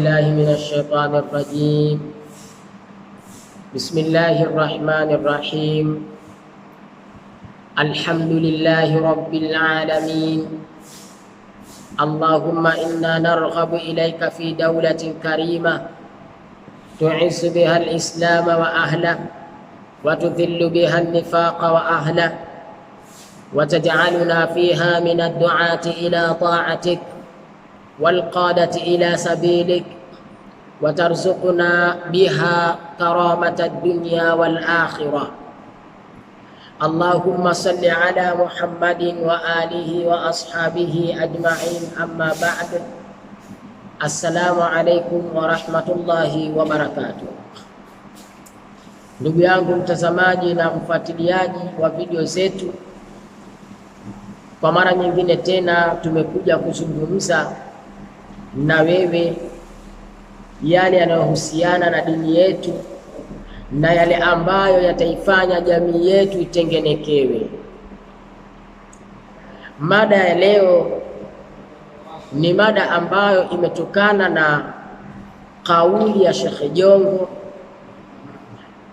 الله من الشيطان الرجيم بسم الله الرحمن الرحيم الحمد لله رب العالمين اللهم إنا نرغب إليك في دولة كريمة تعز بها الإسلام وأهله وتذل بها النفاق وأهله وتجعلنا فيها من الدعاة إلى طاعتك والقادة إلى سبيلك وترزقنا بها كرامة الدنيا والآخرة اللهم صل على محمد وآله وأصحابه أجمعين أما بعد السلام عليكم ورحمة الله وبركاته Ndugu yangu mtazamaji na mfuatiliaji wa video zetu, kwa mara nyingine tena tumekuja kuzungumza na wewe yale yanayohusiana na dini yetu na yale ambayo yataifanya jamii yetu itengenekewe. Mada ya leo ni mada ambayo imetokana na kauli ya Sheikh Jongo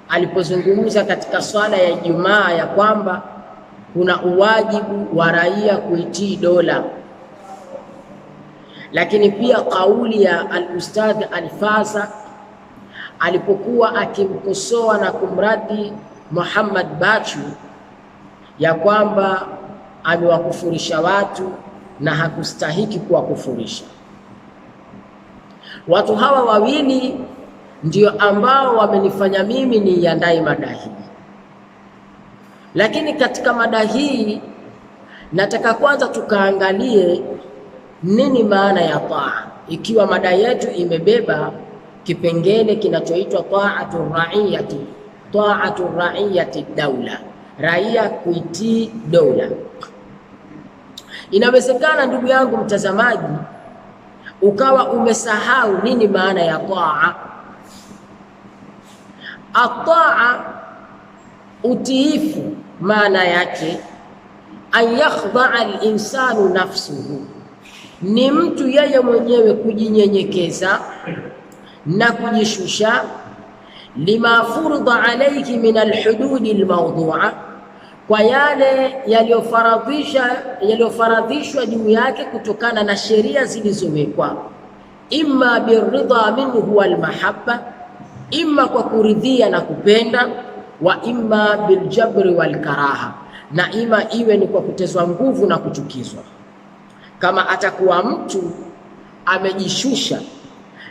alipozungumza katika swala ya Ijumaa ya kwamba kuna uwajibu wa raia kuitii dola lakini pia kauli ya alustadhi alfaza alipokuwa akimkosoa na kumradi Muhammad Bachu ya kwamba amewakufurisha watu na hakustahiki kuwakufurisha watu. Hawa wawili ndio ambao wamenifanya mimi niiandae mada hii, lakini katika mada hii nataka kwanza tukaangalie nini maana ya taa? Ikiwa mada yetu imebeba kipengele kinachoitwa taatu raiyati, taatu raiyati daula, raia kuitii dola. Inawezekana ndugu yangu mtazamaji, ukawa umesahau nini maana ya taa. Ataa, utiifu, maana yake an yakhdhaa linsanu nafsuhu ni mtu yeye mwenyewe kujinyenyekeza na kujishusha, lima furida alayhi min alhududi almawdua, kwa yale yaliyofaradhisha yaliyofaradhishwa juu yake kutokana na sheria zilizowekwa, imma biridha minhu walmahabba, imma kwa kuridhia na kupenda, wa imma biljabri walkaraha, na ima iwe ni kwa kutezwa nguvu na kuchukizwa. Kama atakuwa mtu amejishusha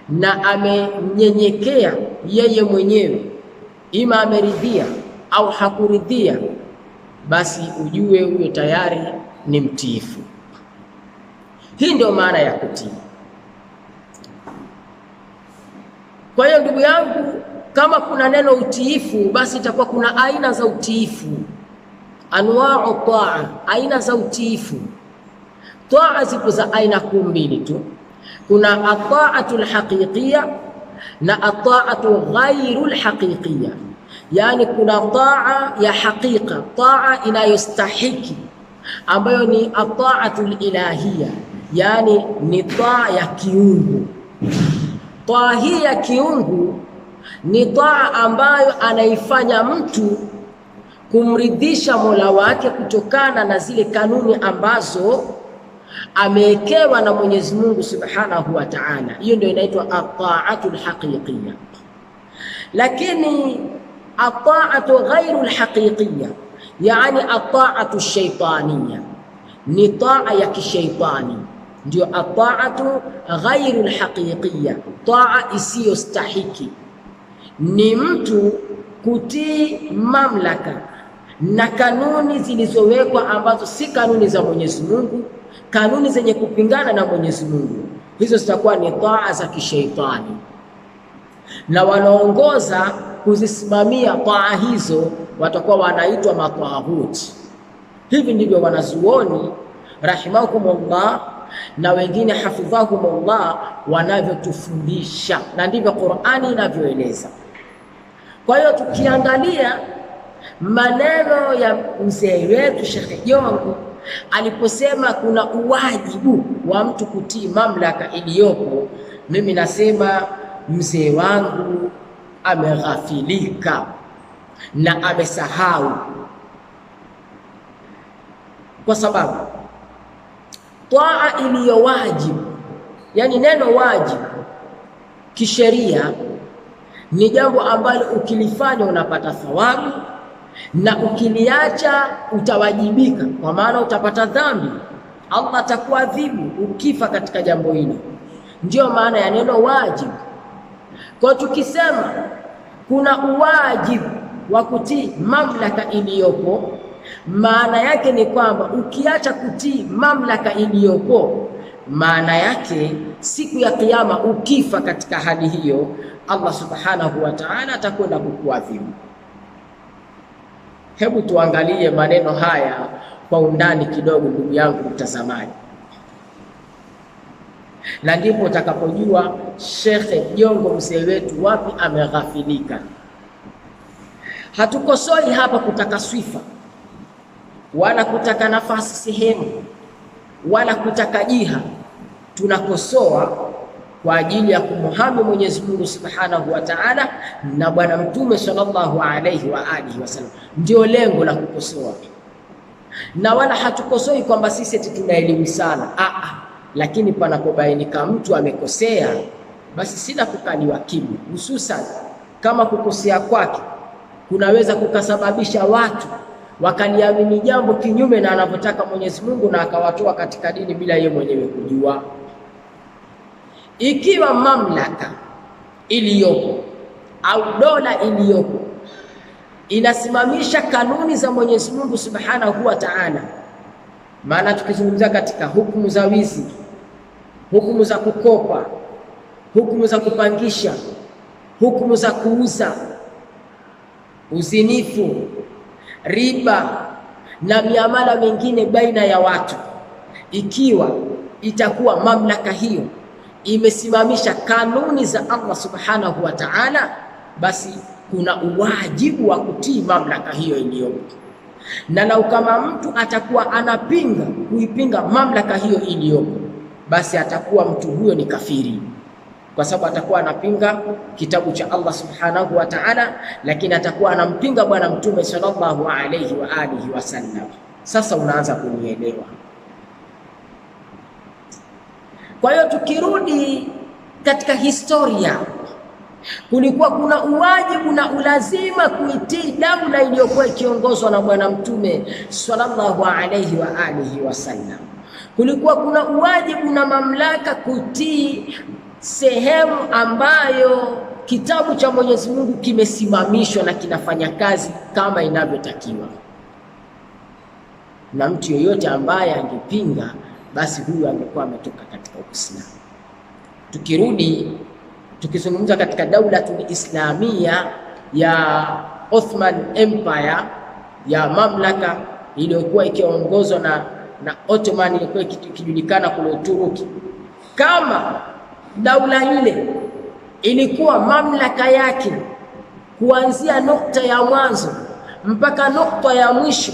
na amenyenyekea yeye mwenyewe, ima ameridhia au hakuridhia, basi ujue huyo tayari ni mtiifu. Hii ndio maana ya kutii. Kwa hiyo ndugu yangu, kama kuna neno utiifu, basi itakuwa kuna aina za utiifu, anwau taa, aina za utiifu taa zipo za aina kuu mbili tu, kuna ataatul haqiqiya na ataatu ghairul haqiqiya, yaani kuna taa ya haqiqa, taa inayostahiki ambayo ni ataatu lilahiya yaani ni taa ya kiungu. Taa hii ya kiungu ni taa ambayo anaifanya mtu kumridhisha Mola wake kutokana na zile kanuni ambazo amewekewa na Mwenyezi Mungu Subhanahu wa Ta'ala. Hiyo ndio inaitwa ataatu lhaqiqiya, lakini ataatu ghairu lhaqiqiya, yani ataatu shaitaniya, ni taa ya kishaitani ndio ataatu ghairu lhaqiqiya, taa isiyo stahiki ni mtu kutii mamlaka na kanuni zilizowekwa ambazo si kanuni za Mwenyezi Mungu kanuni zenye kupingana na Mwenyezi Mungu, hizo zitakuwa ni taa za kisheitani, na wanaongoza kuzisimamia taa hizo watakuwa wanaitwa matahuti Hivi ndivyo wanazuoni rahimahumullah na wengine hafidhahumullah wanavyotufundisha, na ndivyo Qur'ani inavyoeleza. Kwa hiyo tukiangalia maneno ya mzee wetu Sheikh Jongo aliposema kuna uwajibu wa mtu kutii mamlaka iliyopo, mimi nasema mzee wangu ameghafilika na amesahau, kwa sababu twaa iliyo wajibu, yani neno wajibu kisheria ni jambo ambalo ukilifanya unapata thawabu na ukiliacha utawajibika, kwa maana utapata dhambi. Allah atakuadhibu ukifa katika jambo hili. Ndiyo maana ya neno wajibu. Kwa tukisema kuna uwajibu wa kutii mamlaka iliyopo, maana yake ni kwamba ukiacha kutii mamlaka iliyopo, maana yake siku ya Kiyama ukifa katika hali hiyo, Allah subhanahu wa ta'ala atakwenda kukuadhibu. Hebu tuangalie maneno haya kwa undani kidogo, ndugu yangu mtazamaji, na ndipo utakapojua Shekhe Jongo mzee wetu wapi ameghafilika. Hatukosoi hapa kutaka swifa wala kutaka nafasi sehemu wala kutaka jiha, tunakosoa kwa ajili ya kumuhami Mwenyezi Mungu Subhanahu wa Ta'ala na Bwana Mtume sallallahu alayhi wa alihi wasallam, ndio lengo la kukosoa, na wala hatukosoi kwamba sisi eti tuna elimu sana aa, lakini panapobainika mtu amekosea, basi sina kukaliwa kimya, hususan kama kukosea kwake kunaweza kukasababisha watu wakaliamini jambo kinyume na anavyotaka Mwenyezi Mungu na akawatoa katika dini bila yeye mwenyewe kujua. Ikiwa mamlaka iliyopo au dola iliyopo inasimamisha kanuni za Mwenyezi Mungu Subhanahu wa Ta'ala, maana tukizungumzia katika hukumu za wizi, hukumu za kukopa, hukumu za kupangisha, hukumu za kuuza, uzinifu, riba na miamala mingine baina ya watu, ikiwa itakuwa mamlaka hiyo imesimamisha kanuni za Allah subhanahu wa ta'ala, basi kuna uwajibu wa kutii mamlaka hiyo iliyopo. Na lau kama mtu atakuwa anapinga kuipinga mamlaka hiyo iliyopo, basi atakuwa mtu huyo ni kafiri, kwa sababu atakuwa anapinga kitabu cha Allah subhanahu wa ta'ala, lakini atakuwa anampinga Bwana Mtume sallallahu alayhi wa alihi wasallam. Sasa unaanza kunielewa. Kwa hiyo tukirudi katika historia, kulikuwa kuna uwajibu kuna ulazima kuitii daula iliyokuwa ikiongozwa na Bwana Mtume sallallahu alayhi wa alihi wasallam. Kulikuwa kuna uwajibu kuna mamlaka kutii sehemu ambayo kitabu cha Mwenyezi Mungu kimesimamishwa na kinafanya kazi kama inavyotakiwa, na mtu yoyote ambaye angepinga basi huyu angekuwa ametoka katika Uislamu. Tukirudi tukizungumza katika daulatul islamia ya Ottoman Empire ya mamlaka iliyokuwa ikiongozwa na, na Ottoman ilikuwa ikijulikana kule Uturuki kama daula ile ilikuwa mamlaka yake kuanzia nukta ya mwanzo mpaka nukta ya mwisho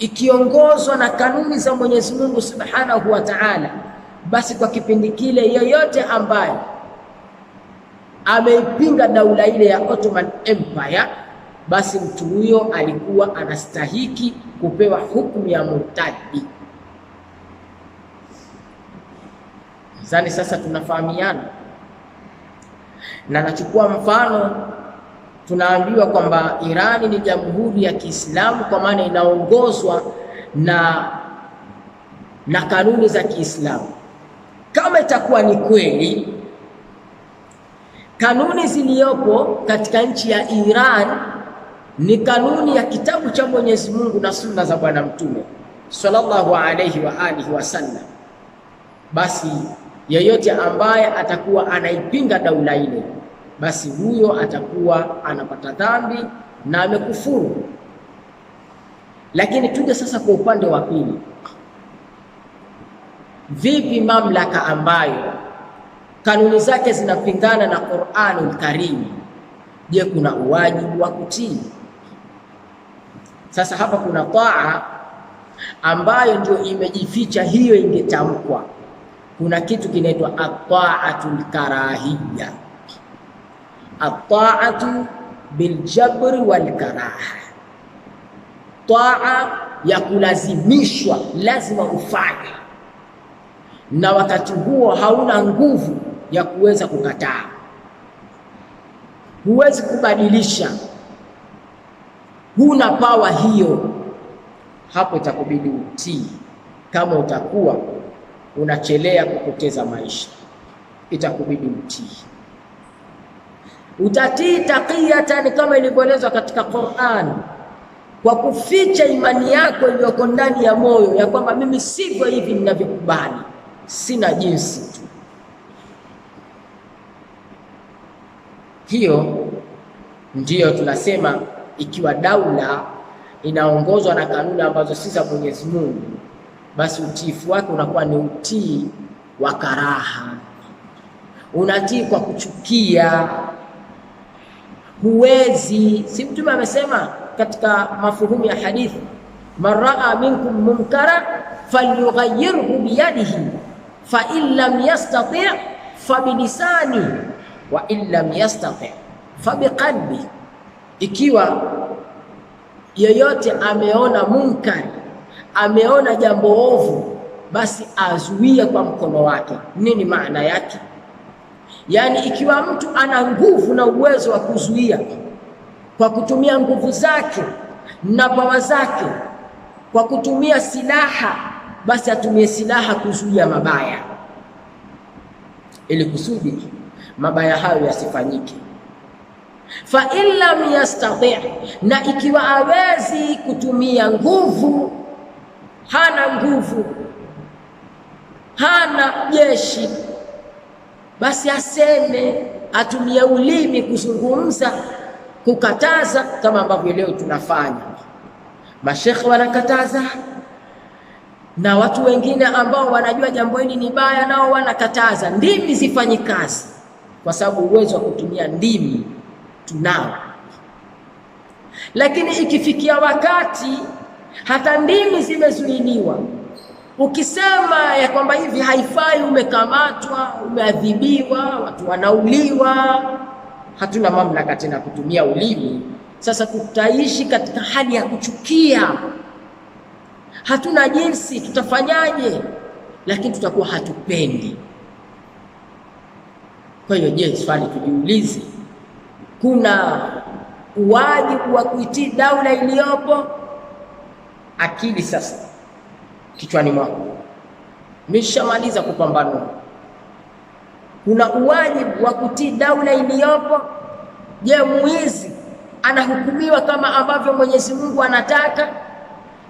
ikiongozwa na kanuni za Mwenyezi Mungu Subhanahu wa Ta'ala, basi kwa kipindi kile yeyote ambaye ameipinga daula ile ya Ottoman Empire, basi mtu huyo alikuwa anastahiki kupewa hukumu ya murtadi. Zani sasa tunafahamiana, na nachukua mfano tunaambiwa kwamba Irani ni jamhuri ya Kiislamu kwa maana inaongozwa na, na kanuni za Kiislamu. Kama itakuwa ni kweli kanuni ziliyopo katika nchi ya Iran ni kanuni ya kitabu cha Mwenyezi Mungu na sunna za Bwana Mtume sallallahu alayhi wa alihi wasallam, basi yeyote ambaye atakuwa anaipinga daula ile basi huyo atakuwa anapata dhambi na amekufuru. Lakini tuje sasa kwa upande wa pili, vipi mamlaka ambayo kanuni zake zinapingana na Qur'anul Karim? Je, kuna uwajibu wa kutii? Sasa hapa kuna taa ambayo ndio imejificha, hiyo ingetamkwa. Kuna kitu kinaitwa ataatul karahia jabr biljabri walkaraha, taa ya kulazimishwa, lazima ufanye, na wakati huo hauna nguvu ya kuweza kukataa, huwezi kubadilisha, huna pawa hiyo. Hapo itakubidi utii, kama utakuwa unachelea kupoteza maisha, itakubidi utii. Utatii taqiyatan kama ilivyoelezwa katika Qur'an, kwa kuficha imani yako iliyoko ndani ya moyo ya kwamba mimi sivyo hivi ninavyokubali, sina jinsi tu hiyo. Ndiyo tunasema ikiwa daula inaongozwa na kanuni ambazo si za Mwenyezi Mungu, basi utiifu wake unakuwa ni utii wa karaha, unatii kwa kuchukia huwezi. Si Mtume amesema katika mafuhumu ya hadithi, man raa minkum munkara falyughayyirhu biyadihi fa in lam yastati fa wa in lam yastati fa ikiwa yeyote ameona munkari, ameona jambo ovu, basi azuie kwa mkono wake. Nini maana yake? Yaani, ikiwa mtu ana nguvu na uwezo wa kuzuia kwa kutumia nguvu zake na bawa zake, kwa kutumia silaha, basi atumie silaha kuzuia mabaya, ili kusudi mabaya hayo yasifanyike. Fa in lam yastati, na ikiwa awezi kutumia nguvu, hana nguvu, hana jeshi basi aseme, atumie ulimi kuzungumza, kukataza, kama ambavyo leo tunafanya. Mashekhe wanakataza na watu wengine ambao wanajua jambo hili ni baya, nao wanakataza. Ndimi zifanyi kazi, kwa sababu uwezo wa kutumia ndimi tunao, lakini ikifikia wakati hata ndimi zimezuiliwa Ukisema ya kwamba hivi haifai, umekamatwa, umeadhibiwa, watu wanauliwa, hatuna mamlaka tena kutumia ulimi. Sasa tutaishi katika hali ya kuchukia, hatuna jinsi, tutafanyaje? Lakini tutakuwa hatupendi. Kwa hiyo, je, swali tujiulize, kuna wajibu wa kuitii daula iliyopo? Akili sasa kichwani mwako, umeshamaliza kupambanua. Kuna uwajibu wa kutii daula iliyopo. Je, mwizi anahukumiwa kama ambavyo Mwenyezi Mungu anataka?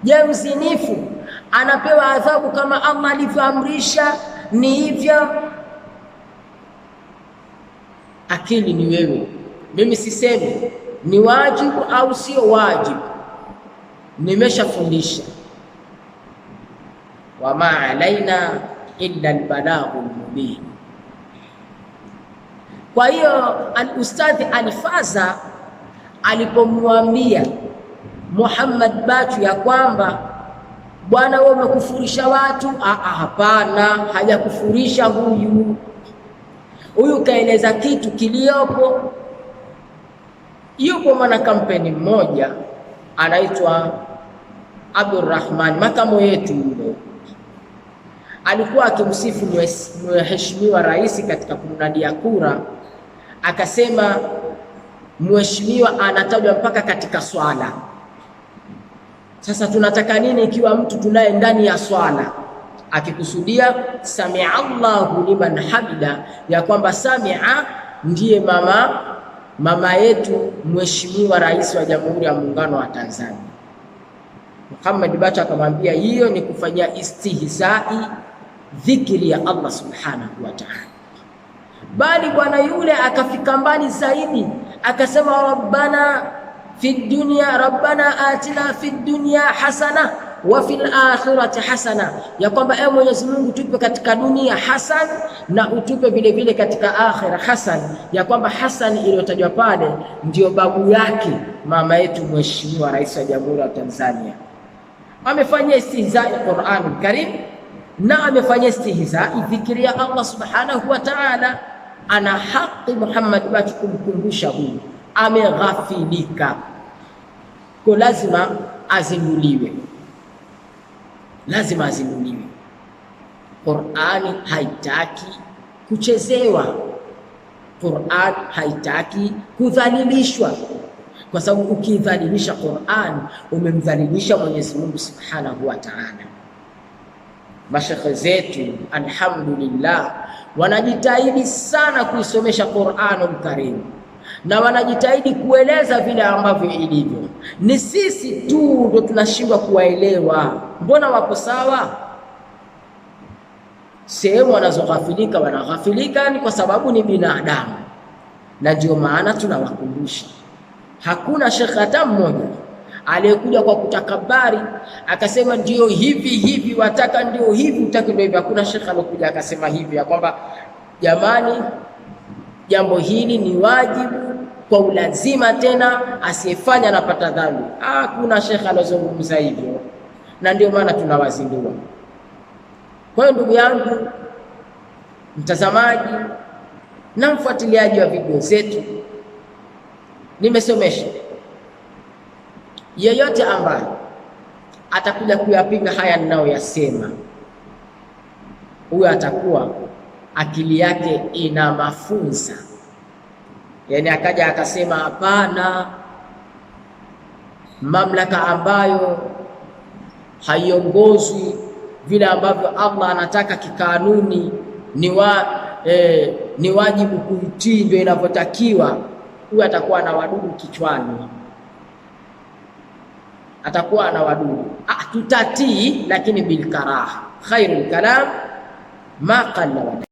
Je, mzinifu anapewa adhabu kama Allah alivyoamrisha? Ni hivyo. Akili ni wewe, mimi sisemi ni wajibu au sio wajibu, nimeshafundisha wa ma alaina illa albalaghul mubin. Kwa hiyo alustadhi Alfaza alipomwambia Muhammad Bachu ya kwamba bwana, wewe umekufurisha watu, ah, ah, hapana, hajakufurisha huyu huyu, kaeleza kitu kiliopo. Yupo mwana kampeni mmoja anaitwa Abdurrahman, makamo yetu alikuwa akimsifu mheshimiwa rais katika kumnadia kura, akasema mheshimiwa anatajwa mpaka katika swala. Sasa tunataka nini ikiwa mtu tunaye ndani ya swala akikusudia samia Allahu liman habida ya kwamba samia ndiye mama mama yetu mheshimiwa rais wa Jamhuri ya Muungano wa Tanzania. Muhammad Bacha akamwambia hiyo ni kufanyia istihzai dhikri ya Allah subhanahu wa ta'ala, bali bwana yule akafika mbali zaidi akasema, rabbana fi dunya rabbana atina fi dunya hasana wa fil akhirati hasana, ya kwamba ewe Mwenyezi Mungu tupe katika dunia hasan na utupe vile vile katika akhira hasan, ya kwamba hasan iliyotajwa pale ndio babu yake mama yetu Mheshimiwa Rais wa Jamhuri ya Tanzania amefanyia istihzai Qur'an Karim na amefanya istihza, ifikiria Allah subhanahu wa ta'ala, ana haki Muhammad wake kumkumbusha huyu ameghafilika, ko lazima azinduliwe, lazima azinduliwe. Qur'ani haitaki kuchezewa, Qur'an haitaki kudhalilishwa, kwa sababu ukidhalilisha Qur'an umemdhalilisha Mwenyezi Mungu subhanahu wa ta'ala mashekhe zetu alhamdulillah, wanajitahidi sana kuisomesha quran Karim na wanajitahidi kueleza vile ambavyo ilivyo. Ni sisi tu ndo tunashindwa kuwaelewa. Mbona wako sawa, sehemu wanazoghafilika wanaghafilika ni kwa sababu ni binadamu, na ndio maana tunawakumbusha. Hakuna shekhe hata mmoja aliyekuja kwa kutakabari akasema ndio hivi hivi, wataka ndio hivi, utaki ndio hivi. Hakuna shekhe aliyokuja akasema hivi ya kwamba jamani, jambo hili ni wajibu kwa ulazima, tena asiyefanya anapata dhambi. Hakuna shekhe aliyozungumza hivyo, na ndio maana tunawazindua. Kwa hiyo ndugu yangu mtazamaji na mfuatiliaji wa video zetu, nimesomesha yeyote ambaye atakuja kuyapinga haya ninayoyasema, huyo atakuwa akili yake ina mafunza. Yaani akaja akasema, hapana, mamlaka ambayo haiongozwi vile ambavyo Allah anataka kikanuni, ni wa eh, ni wajibu kuitii, ndio inavyotakiwa. Huyo atakuwa na wadudu kichwani atakuwa ana anawadudu. Ah, tutatii lakini bilkaraha, khairul kalam ma qalla wa